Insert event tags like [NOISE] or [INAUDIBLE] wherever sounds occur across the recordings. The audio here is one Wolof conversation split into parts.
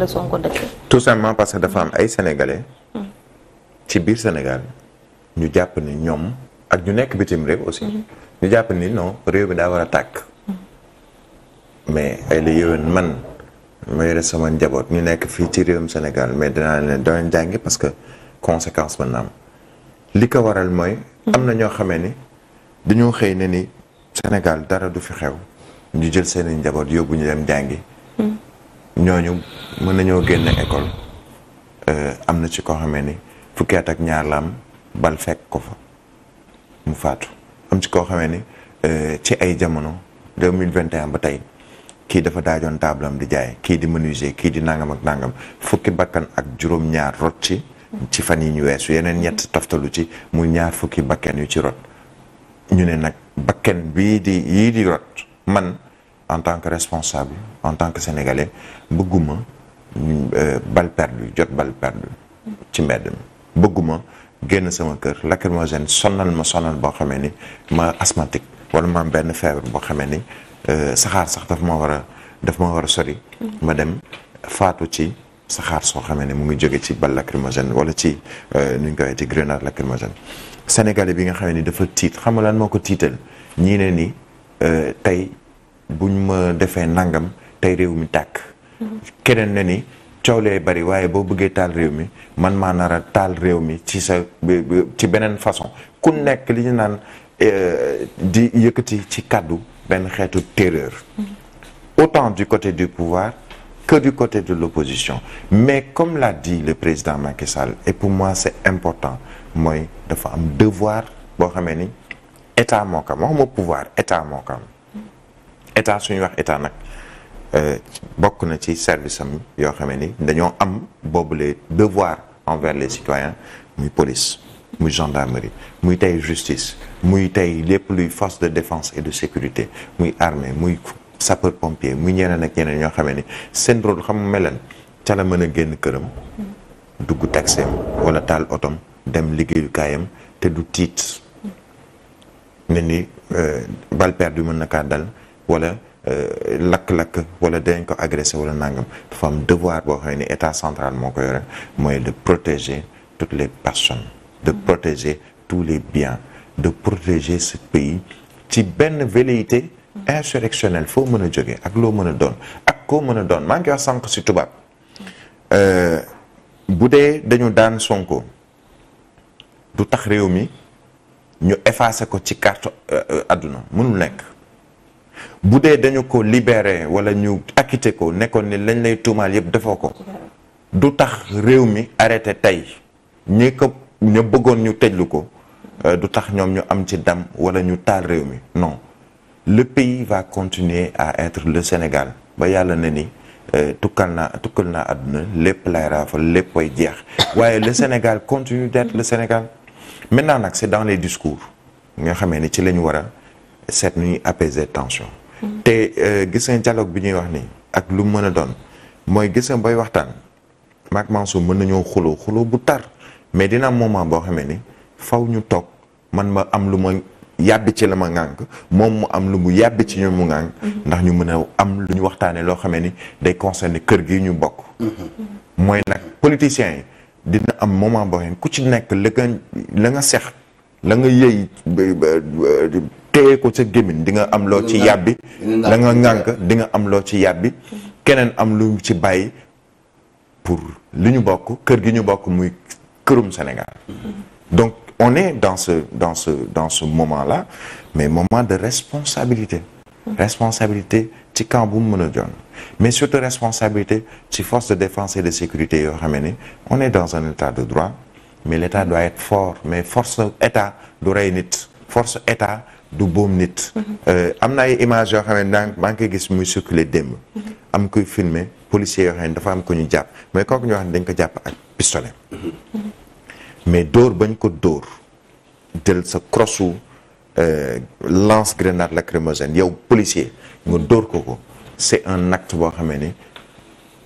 la Sonko tout simplement parce que dafa am ay sénégalais. Hmm. ci biir Sénégal ñu jàpp ni ñoom ak ñu nekk bitim réew aussi. Hmm. ñu jàpp ni non réew mi daa war a tàkk. Hmm. mais ay la yéwén man ma yore sama njaboot ñu nekk fii ci réewum Sénégal mais dinaa leen doon jàngi parce que conséquence mën naam li ko waral mooy. am na ñoo xamee ni dañoo xëy ne ni Sénégal dara du fi xew. ñu jël seeni njaboot yóbbu ñu dem jàngi. ñooñu mën nañoo génn école euh, am na ci koo xamee ni fukki at ak ñaar la am bal fekk ko fa mu faatu am si koo xamee ni euh, ci ay jamono 2021 ba tey kii dafa daajoon table am di jaay kii di menuisier kii di nàngam ak nàngam fukki bakkan ak juróom-ñaar rot ci ci fan yi ñu weesu yeneen ñett taftalu ci mu ñaar fukki bakken yu ci rot ñu ne nag bakken bii di yii di man en tant que responsable en tant que sénégalais bëgguma Euh, balle perdue jot balle perdue ci mbedd mi bëgguma génn sama kër lacrymogène sonal ma sonal boo xamee ni ma asthmatique wala ma am benn feebar boo xamee ni euh, saxaar sax daf ma war a daf ma war a sori mm-hmm. ma dem faatu ci saxaar soo xamee ne mu ngi jóge ci balle lacrymogène wala ci euh, nu ñu koy ci grenade lacrymogène sénégalais bi nga xamee ni dafa tiit xam nga lan moo ko tiital ñii ne ni tey buñ ma defee nangam tey réew mi tàkk keneen na ni coow lee bari waaye boo bëggee taal réew mi man maa nar a taal réew mi ci sa ci beneen façon ku nekk li ñu naan euh, di yëkkati ci kàddu benn xeetu terreur mm-hmm. autant du côté du pouvoir que du côté de l'opposition mais comme l'a dit le président Macky Sall et pour moi c'est important mooy dafa am devoir boo xamee ni état moo ko am waxuma pouvoir état moo ko mm-hmm. état suñu wax état nag Euh, bokk na ci service am yoo xam ni dañoo am boobule devoir envers les citoyens muy police muy gendarmerie muy tey justice muy tey lépp luy force de défense et de sécurité muy armée muy sapeur pompier mu ñeneen ak ñeneen ñoo xam ni seen rôle xam leen ca la mën a génn këram dugg taxeem wala taal otom dem liggéeyukaayam te du tiit ne ni euh, bal perdu mën na kaa dal wala Euh, lakk-lakk wala dañ ko agressé wala nangam dafa am devoir boo xam ne état central moo koy rek mooy de protéger toutes les personnes de protéger tous les biens de protéger ce pays ci benn velléité insurrectionnelle foo mën a jóge ak loo mën a doon ak koo mën a doon maa ngi koy wax sànq si tubaab euh, bu dee dañu daan Sonko du tax réew mi ñu effacer ko ci carte àdduna euh, mënul nekk bu dee dañu ko libeere wala ñu acquitté ko nekkoon ni lañ lay tuumaal yëpp defoo ko du tax réew mi arrêté tey ñi ko ñu bëggoon ñu tëjlu ko euh, du tax ñoom ñu am ci dam wala ñu taal réew mi non le pays va continuer à être le Sénégal ba yàlla na ni euh, tukkal naa tukkal naa àdduna lépp lay raafal lépp ay jeex waaye le Sénégal continue d'être le Sénégal maintenant nag c'est dans les discours nga xamee ni ci la ñu war a seet nu ñuy apaiser tension. te euh, gis nga dialogue bi ñuy wax nii ak lu mën a doon mooy gis nga booy waxtaan maak Mansour mën nañoo xuloo xuloo bu tar mais dina am moment boo xamee ni faw ñu toog man ma am lu ma yàbbi ci la moom mu am lu mu yàbbi ci ñu mu mm-hmm. ndax ñu mën a am lu ñu waxtaanee loo xamee ni day concerner kër gi ñu bokk. Mm-hmm. mooy nag politicien yi dina am moment boo xam ku ci nekk la nga la nga sex la nga yëy téye ko sa gémmiñ di nga am loo ci yàbbi la nga ŋànk di nga am loo ci yàbbi keneen am lu ci bàyyi pour li ñu bokk kër gi ñu bokk muy kërum Sénégal donc on est dans ce dans ce dans ce moment là mais moment de responsabilité responsabilité ci camp bu mu mën a joon mais surtout responsabilité ci force de défense et de sécurité yoo xam ne on est dans un état de droit mais l'état doit être fort mais force état du rey nit force état du boom nit. Euh, am na ay images yoo xam ne daan maa ngi koy gis muy circuler démb. am kuy filmer policier yoo xam ne dafa am ko ñu jàpp mais kooku ñoo wax ne dañ ko jàpp ak pistolet. mais dóor bañ ko dóor jël sa crossu euh, lance grenade lacrymogène yow policier nga dóor ko ko c'est un acte boo xam ne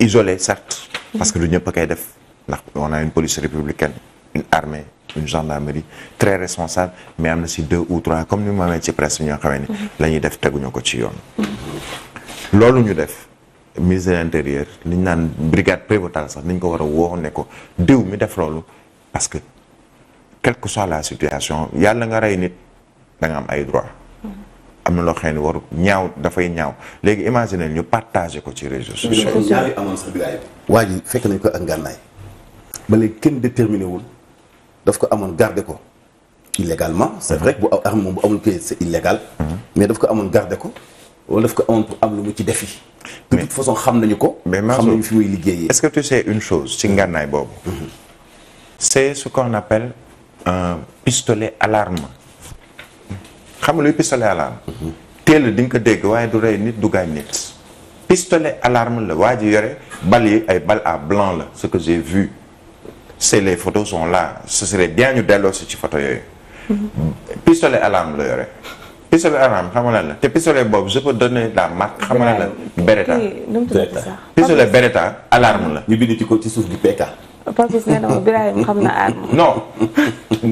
isolé certes. parce que du ñëpp a koy def ndax on a une police républicaine une armée une gendarmerie très responsable mais am na si deux ou trois comme ni mu amee ci presse bi ñoo xamee ni mhm. la def teguñu ko ci yoon loolu ñu def ministre de l'intérieur li ñu naan brigade prévôtale sax ni ñu ko war a woo ne ko diw mi def loolu parce que quelle que soit la situation yàlla nga rey nit da am ay droit mhm. am na loo xam ne waru ñaaw dafay ñaaw léegi imaginer ñu partagé ko ci réseaux sociaux. amoon sax waa ji fekk nañ ko ak ngànnaay ba léegi kenn déterminé wul. daf ko amoon garder ko illégalement c'est vrai que bu arme moom bu amul kayit c'est illégal mais daf ko amoon garder ko wala daf ko amoon pour am lu mu ci defi de toute façon xam nañu ko xam nañu fi muy liggéeyee est-ce que tu sais une chose ci ngànnaay boobu mhm. c'est ce qu'on appelle un pistolet alarme xam nga luy pistolet alarme mhm. teel di nga ko dégg waaye du rey nit du gaañ nit pistolet alarme la waa ji yore bal yi ay bal à blanc la ce que j'ai vu c'est les photos sont là ce serait bien ñu delloo si ci photo yooyu. pistolet à l'arme la yore. pistolet à l'arme xam nga la te pistolet boobu je peux donner la marque xam nga la Beretta. pistolet Beretta à l'arme la. ñu bind ci ko ci suuf di PK. Papis nee na ma Birahim xam na arme. [LAUGHS] non.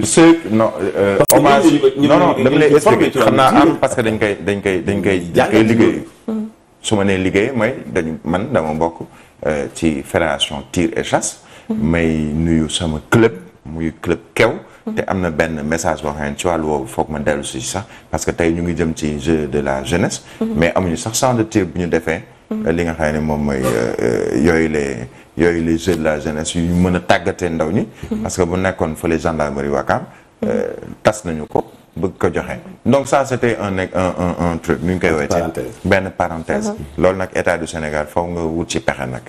c'est non. Euh, hommage non non dama lay expliquer xam naa arme parce que dañ koy dañ koy dañ koy. dañ koy liggéey. Mm-hmm. su ma nee liggéey mooy dañu man dama bokk euh, ci fédération tir et chasse. may nuyu sama club muy club kew mhm. te am na benn message boo xam ci wàllu woowu foog ma dellu sax parce que tey ñu ngi jëm ci jeu de la jeunesse mhm. mais amuñu sax champ de tir bu ñu defee mhm. li nga xam ne moom mooy euh, euh, yooyu les yooyu les jeux la jeunesse yu mën a tàggatee ndaw ñi parce que bu nekkoon fële gendarmerie Wakaam euh, tas nañu ko bëgg ko joxe donc ça c' était un un un un truc nu ñu koy woowee benn parenthèse loolu nag état du Sénégal foog nga wut ci pexe nag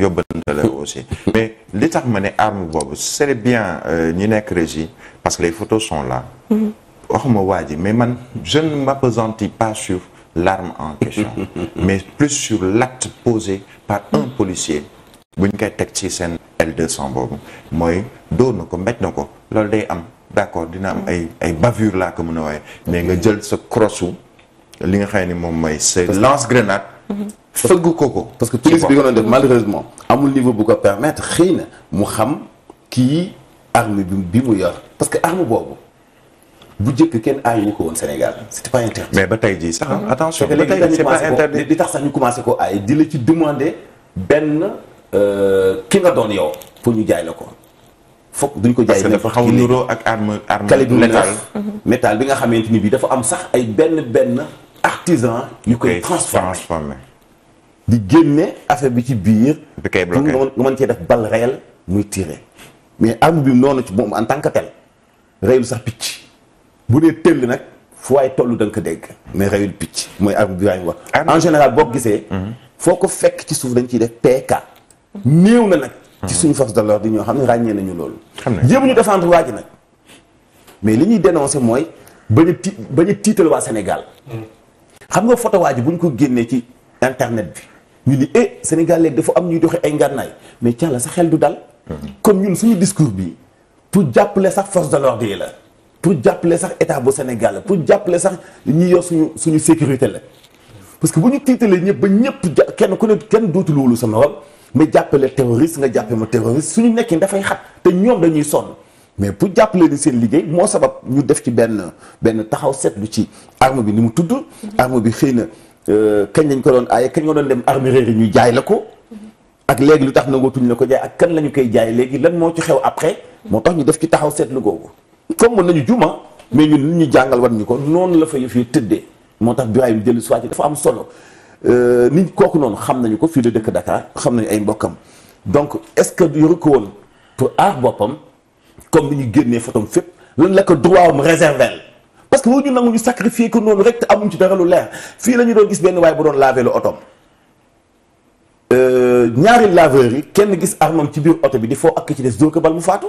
yóbbu tout à [LAUGHS] mais li tax ma ne arme boobu c'est bien euh, ñu nekk régie parce que les photos la wax mhm. waxuma waa ji mais man je ne m'appesantis pas sur l'arme en question [LAUGHS] mais plus sur l'acte posé par un policier bu ñu koy teg ci seen L200 boobu mooy dóor na ko mbéj na ko loolu day am d'accord dina am ay ay bavure laa ko mën a waaye mais nga jël sa crossu li nga xam ne moom mooy sa lance grenade mhm. fëgg ko ko parce que police bi ko doon def malheureusement amul niveau bu ko permettre xëy na mu xam kii arme bi bi mu yor parce que arme boobu bu jëkk kenn aay wu ko woon Sénégal c'était pas interdit mais ba tey jii sax mm-hmm. attention ba tey c'est pas interdit di tax sax ñu commencé ko aay di la ci demander benn euh, ki nga doon yow pour ñu jaay ko foog duñ ko jaay dafa xaw nuroo ak arme arme calibre métal mm-hmm. métal bi nga xamante ni bi dafa am sax ay benn benn artisan yu koy transformé di génne affaire bi ci biir. bi koy bloqué pour nga mën cee def balle réelle muy tiré. mais arme bi noonu ci moom en tant que tel reyul sax picc bu dee tëll nag fu waay toll da ko dégg mais reyul picc mooy arme bi wax ah, en général boo gisee. Mhm. foo ko fekk ci suuf dañ ciy def PK. néew na nag. Mhm. suñu force de l'ordre di ñoo xam ne ràññee nañu loolu. xam nañu jéem ñu défendre waa ji nag. mais li ñuy dénoncer mooy ba a ti bañ a tiital waa Sénégal. Mhm. xam nga photo waa ji bu ñu ko génnee ci internet bi. ñu ni eh Sénégal léegi dafa am ñuy doxe ay ngànnaay mais Thiala sa xel du dal. kon ñun suñu discours bi pour jàppale sax force de l'ordre yi la. pour jàppale sax état bu Sénégal la pour jàppale sax ñi yor suñu suñu sécurité la. parce que bu ñu tiitalee ñëpp ba ñëpp ja kenn ku ne kenn dootul wóolu sama wàll mais jàppale terroriste nga jàppe ma terroriste suñu nekkin dafay xat te ñoom dañuy sonn. mais pour jàppale ni seen liggéey moo sabab ñu def ci benn benn taxaw seetlu ci arme bi ni mu tudd. arme bi xëy na Euh, kañ lañ ko doon aaye kañ nga doon dem armurerie yi ñuy jaay la ko ak léegi lu tax nangootuñ la ko jaay ak kan la ñu koy jaay léegi lan moo ci xew après moo tax ñu def ci taxaw seet seetlu googu comme mën nañu juma mais ñun lu ñu jàngal war ñu ko noonu la fa yëf yi tëddee moo tax biwaay bi jël soit dafa am solo euh, niñ kooku noonu xam nañu ko fii la dëkk Dakar xam nañu ay mbokkam donc est-ce que yoru ko woon pour aar boppam comme ni ñu génnee fotom fépp lan la ko droit am réservé parce que na nangu ñu sacrifier ko noonu rek te amuñ ci dara lu leer fii la ñu doon gis benn waaye bu doon laver lu otoom euh, ñaari laveur yi kenn gis armam ci biir oto bi di foo ak ci des dóor ko mu faatu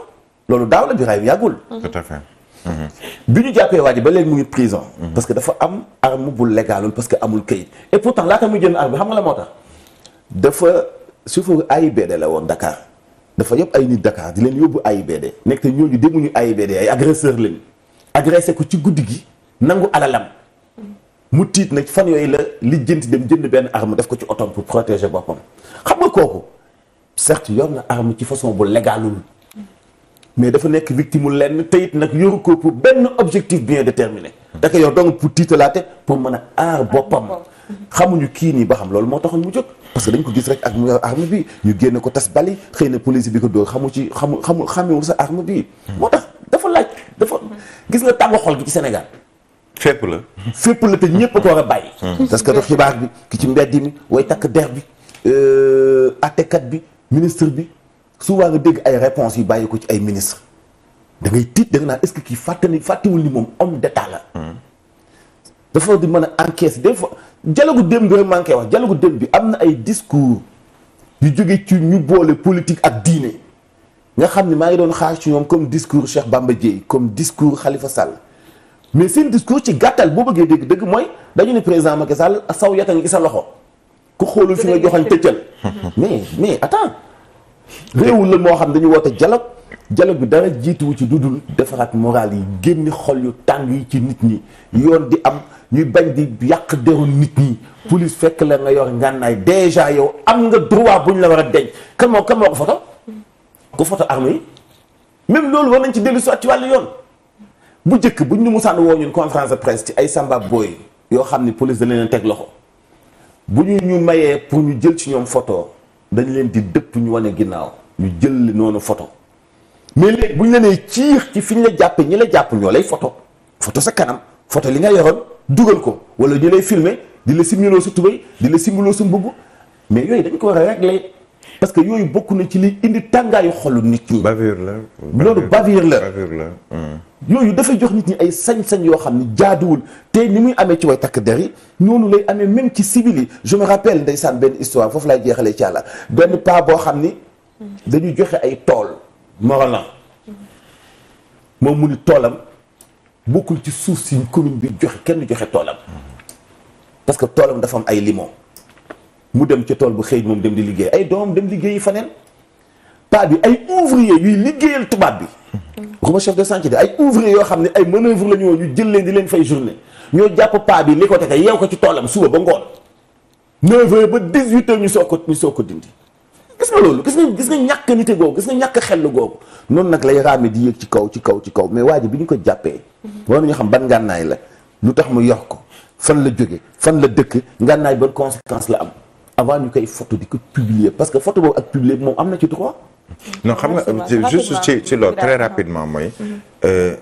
loolu daaw la biraay bi yàggul. Mhm. bi ñu jàppee waa ji ba léegi mu ngi prison. Mhm. parce que dafa am arme bu légalul parce que amul këyit et pourtant laata muy jënd arme bi xam nga la moo tax dafa chauffeur AIBD la woon Dakar dafa yëpp ay nit dakaar di leen yóbbu AIBD nekk te ñooñu demuñu AIBD ay agresseur lañu. agressé ko ci guddi gi nangu alalam mu tiit nag fan yooyu la lijjanti dem jënd benn arme def ko ci otom pour protéger boppam xam nga kooku certes yor na arme ci façon bu légalul mais dafa nekk victime mu lenn te it nag yoru ko pour benn objectif bien déterminé da ko yor donc pour tiitalaate pour mën a aar boppam xamuñu kii nii ba xam loolu moo taxoon mu jóg parce que dañ ko gis rek ak arme bi ñu génne ko tas bali xëy na police bi ko dóor xamu ci xamu xamu xamewul sa arme bi moo tax dafa laaj dafa gis nga tàngo xol gi ci Sénégal. fépp la. fépp la te ñëpp ko war a bàyyi. parce que daf xibaar bi ki ci mbedd mi way takk der bi àttekat euh, bi ministre bi souvent nga dégg ay réponses yu bàyyi ko ci ay ministre da ngay tiit da nga naan est-ce que kii fàtte ni fàttewul ni moom homme d'état la. Hmm. dafa di mën a encaisse des fois dialogue démb bi rek manqué wax dialogue démb bi am na ay discours yu jóge ci ñu boole politique ak diine. nga xam ne maa ngi doon xaar ci ñoom comme discours Cheikh Bamba Dièye comme discours Khalifa Sall mais seen discours ci gàttal boo bëggee dégg dëgg mooy dañu ne président Macky Sall saw yata ngi sa loxo ku xoolul fi nga joxañ tëccal mais mais attends réewul la moo xam dañu woote dialogue dialogue bi dara jiituwu ci dul defaraat moral yi génn xol yu tàng yi ci nit ñi yoon di am ñu bañ di yàq deru nit ñi police fekk la nga yor ngànnaay déjà yow am nga droit bu la war a denc kan moo kan moo ko ku photo armée yi même loolu war nañ ci dellu si ci wàllu yoon bu njëkk bu ñu musaan woo ñun conférence de presse ci ay Samba Boy yoo xam ni police dañ leen teg loxo bu ñu ñu mayee pour ñu jël ci ñoom photo dañ leen di dëpp ñu wane ginnaaw ñu jël noonu photo mais léegi bu ñu la nee ciix ci fi ñu la jàpp ñi la jàpp ñoo lay photo photo sa kanam photo li nga yoroon dugal ko wala ñu lay filmer di la simuloo sa tubéy di la simuloo sa mbubb mais yooyu dañ ko war a parce que yooyu bokk na ci li indi tàngaayu xolu nit ñi. bavure la loolu bavure la bavure la. Hmm. yooyu dafay jox nit ñi ay sañ-sañ yoo xam ne jaaduwul te ni muy amee ci way takk der yi noonu lay amee même ci civil yi je me rappelle ndeysaan benn histoire foofu lay jeexale ci àlla benn paa boo xam ni. dañu joxe ay tool. Morolan moom mu ni toolam bokkul ci suuf si commune bi joxe kenn joxe toolam parce que toolam dafa am ay limon. mu dem ci tool bu xëy moom dem di liggéey ay doom dem liggéeyi faneen paa bi ay ouvrier yuy liggéeyal tubaab bi waxuma chef de chantier de ay ouvrier yoo xam ne ay manœuvre la ñu woon ñu jël leen di leen fay journée ñoo jàpp paa bi li ko teke yeew ko ci tool toolam suba ba ngoon 9 heures ba 18 heures ñu soo ko ñu soo ko dindi gis nga loolu gis nga gis nga ñàkk nite googu gis nga ñàkk xel googu noonu nag lay raame di yéeg ci kaw ci kaw ci kaw mais waa bi ñu ko jàppee war nañu xam ban ngànnaay la lu tax mu yor ko fan la jóge fan la dëkk ngànnaay ban conséquence la am avant ñu koy photo di ko publier parce que photo boobu ak publier moom am na ci droit. non xam nga juste ci ci loolu très rapidement mooy. Mhm. Euh,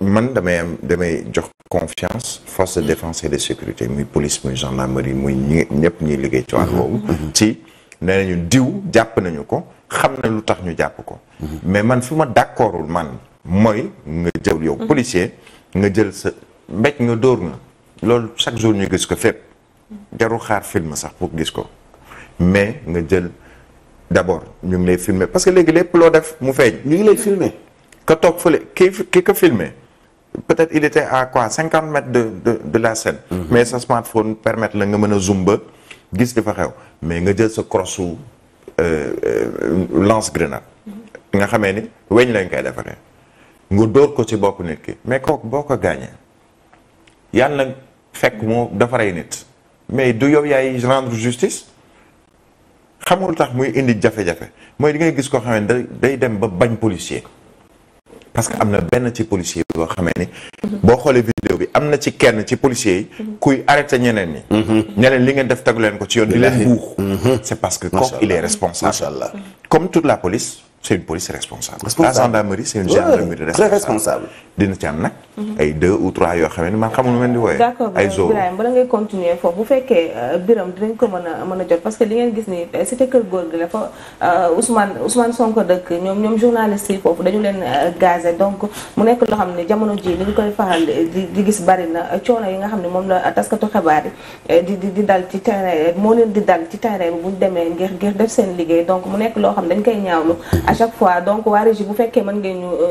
man damay am damay jox confiance force de mhm. défense et de sécurité muy police muy gendarmerie muy ñi ñëpp ñuy liggéey ci wàll mhm. boobu. ci nee nañu diw jàpp nañu ko xam na lu tax ñu jàpp ko. mais man fu ma d'accordul man mooy nga jël yow policier nga jël sa mbéj nga dóor nga loolu chaque jour ñu gis ko fépp. jarul xaar film sax pour gis ko mais nga jël d'abord ñu ngi lay filmer parce que léegi lépp loo def mu feeñ. ñu ngi lay filmer ka toog fële ki ki ko filmer peut-être il était à quoi cinquante mètres de de la scène. Mhm. mais sa smartphone permettre la nga mën a zoom gis di fa xew mais nga jël sa crossu euh, euh, lance grenade. Mhm. nga xamee ni weñ lañ koy defaree. nga dóor ko ci bopp nit ki mais kooku boo ko gaañee yàlla fekk moo dafa rey nit. mais du yow yaay rendre justice xamul tax muy indi jafe-jafe mooy di ngay gis koo xamee ne day dem ba bañ policier parce que am na benn ci policier boo xamee ni boo xoolee vidéo bi am na ci kenn ci policier yi kuy arrêté ñeneen yi mhm. ne li ngeen def tegu ko ci yoon di leen buux mhm. c'est parce que kooku il est responsable comme toute la police c'est police responsable. dina ci nag. Mhm. ay deux ou yoo xam ne man xamul mel ni wooyee. ay zoro d'accord euh, Birame bala ko mën a mën a jot parce que li ngeen gis ni euh, c'était kër góor gi la fa euh, Ousmane Ousmane Sonko dëkk ñoom ñoom journaliste yi foofu dañu leen gazé donc mu nekk loo xam ne jamono ji li ñu koy faral di gis bari na coono yi nga xam ne moom la taskatu xibaar yi di di di dal ci terrain moo leen di dal ci terrain bi bu ñu demee ngir ngir def seen liggéey donc mu nekk loo xam ne dañ koy ñaawlu chaque fois donc waa régie bu fekkee mën ngeen ñu euh,